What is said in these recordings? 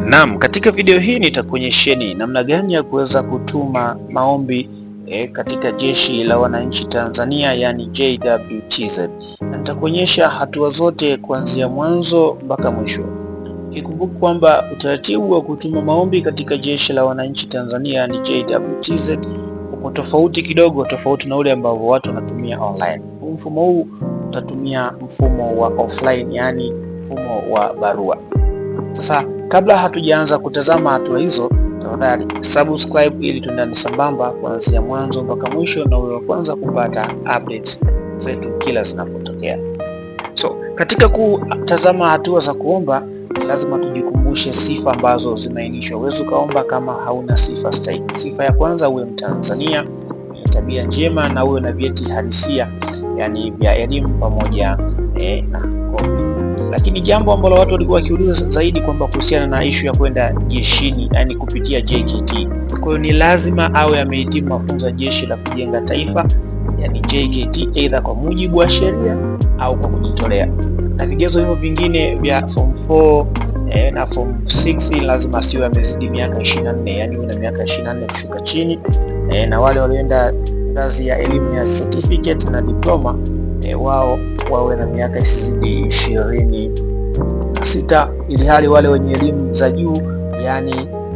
Naam, katika video hii nitakuonyesheni namna gani ya kuweza kutuma maombi e, katika Jeshi la Wananchi Tanzania yani JWTZ, na nitakuonyesha hatua zote kuanzia mwanzo mpaka mwisho. Ikumbuke kwamba utaratibu wa kutuma maombi katika Jeshi la Wananchi Tanzania yani JWTZ uko tofauti kidogo, tofauti na ule ambao watu wanatumia online. Mfumo huu utatumia mfumo wa offline, yani mfumo wa barua. Sasa Kabla hatujaanza kutazama hatua hizo, tafadhali subscribe ili tuendane sambamba kuanzia mwanzo mpaka mwisho na uwe wa kwanza kupata updates zetu kila zinapotokea. So, katika kutazama hatua za kuomba lazima tujikumbushe sifa ambazo zimeainishwa. Huwezi ukaomba kama hauna sifa stahiki. Sifa ya kwanza, uwe Mtanzania mwenye tabia njema na uwe na vyeti halisia, yani vya elimu pamoja eh, na kombi. Lakini jambo ambalo watu walikuwa wakiuliza zaidi kwamba kuhusiana na ishu ya kwenda jeshini, yani kupitia JKT. Kwa hiyo ni lazima awe amehitimu mafunzo ya jeshi la kujenga taifa, yani JKT, aidha kwa mujibu wa sheria au kwa kujitolea, na vigezo hivyo vingine vya form 4 eh, na form 6 lazima asiwe amezidi miaka 24, yani una miaka 24 kushuka chini eh, na wale walioenda ngazi ya elimu ya certificate na diploma e, wao wawe na miaka isizidi ishirini na sita ili hali wale wenye elimu za juu yani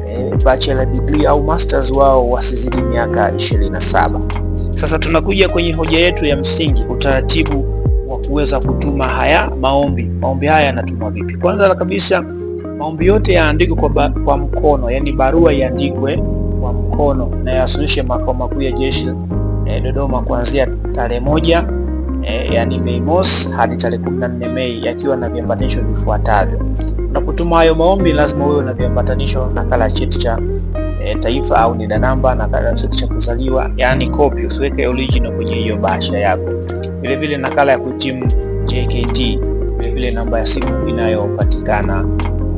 e, eh, bachelor degree au masters wao wasizidi miaka 27. Sasa tunakuja kwenye hoja yetu ya msingi, utaratibu wa kuweza kutuma haya maombi. Maombi haya yanatumwa vipi? Kwanza kabisa maombi yote yaandikwe kwa, kwa mkono, yani barua iandikwe kwa mkono na yawasilishe makao makuu ya jeshi eh, Dodoma kuanzia tarehe moja eh, yani Mei Mosi hadi tarehe 14 Mei yakiwa na viambatanisho vifuatavyo. Unapotuma hayo maombi lazima uwe na viambatanisho, nakala ya cheti cha e, taifa au NIDA namba, nakala ya cheti cha kuzaliwa, yani copy, usiweke original kwenye hiyo bahasha yako. Vile vile nakala ya kuhitimu JKT, vile vile namba ya simu inayopatikana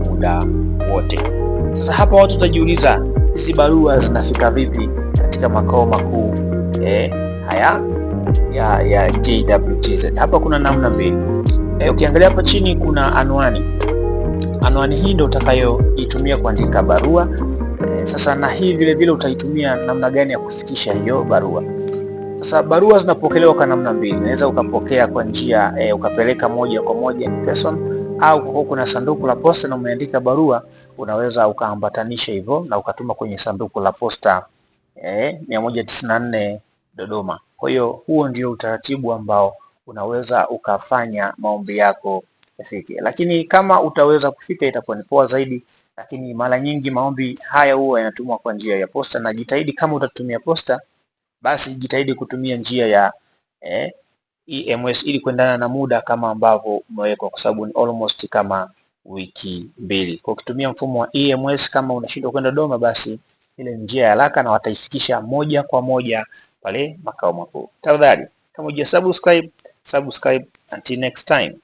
muda wote. Sasa hapa watu watajiuliza hizi barua zinafika vipi katika makao makuu eh, haya ya, ya JWTZ. Hapa kuna namna mbili. E, ukiangalia hapa chini kuna anwani. Anwani hii ndio utakayoitumia kuandika barua e, sasa na hii vile vile utaitumia namna gani ya kufikisha hiyo barua. Sasa barua zinapokelewa kwa namna mbili. Unaweza ukapokea kwa njia e, ukapeleka moja kwa moja in person, au kwa kuna sanduku la posta na umeandika barua, unaweza ukaambatanisha hivyo na ukatuma kwenye sanduku la posta eh, 194 Dodoma. Kwa hiyo huo ndio utaratibu ambao unaweza ukafanya maombi yako yafike, lakini kama utaweza kufika itakuwa ni poa zaidi. Lakini mara nyingi maombi haya huwa yanatumwa kwa njia ya posta, na jitahidi kama utatumia posta, basi jitahidi kutumia njia ya eh, EMS ili kuendana na muda kama ambavyo umewekwa, kwa sababu ni almost kama wiki mbili. Kwa kutumia mfumo wa EMS, kama unashindwa kwenda Dodoma, basi ile njia ya haraka na wataifikisha moja kwa moja pale makao makuu. Tafadhali kama hujasubscribe, subscribe. Until next time,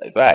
bye bye.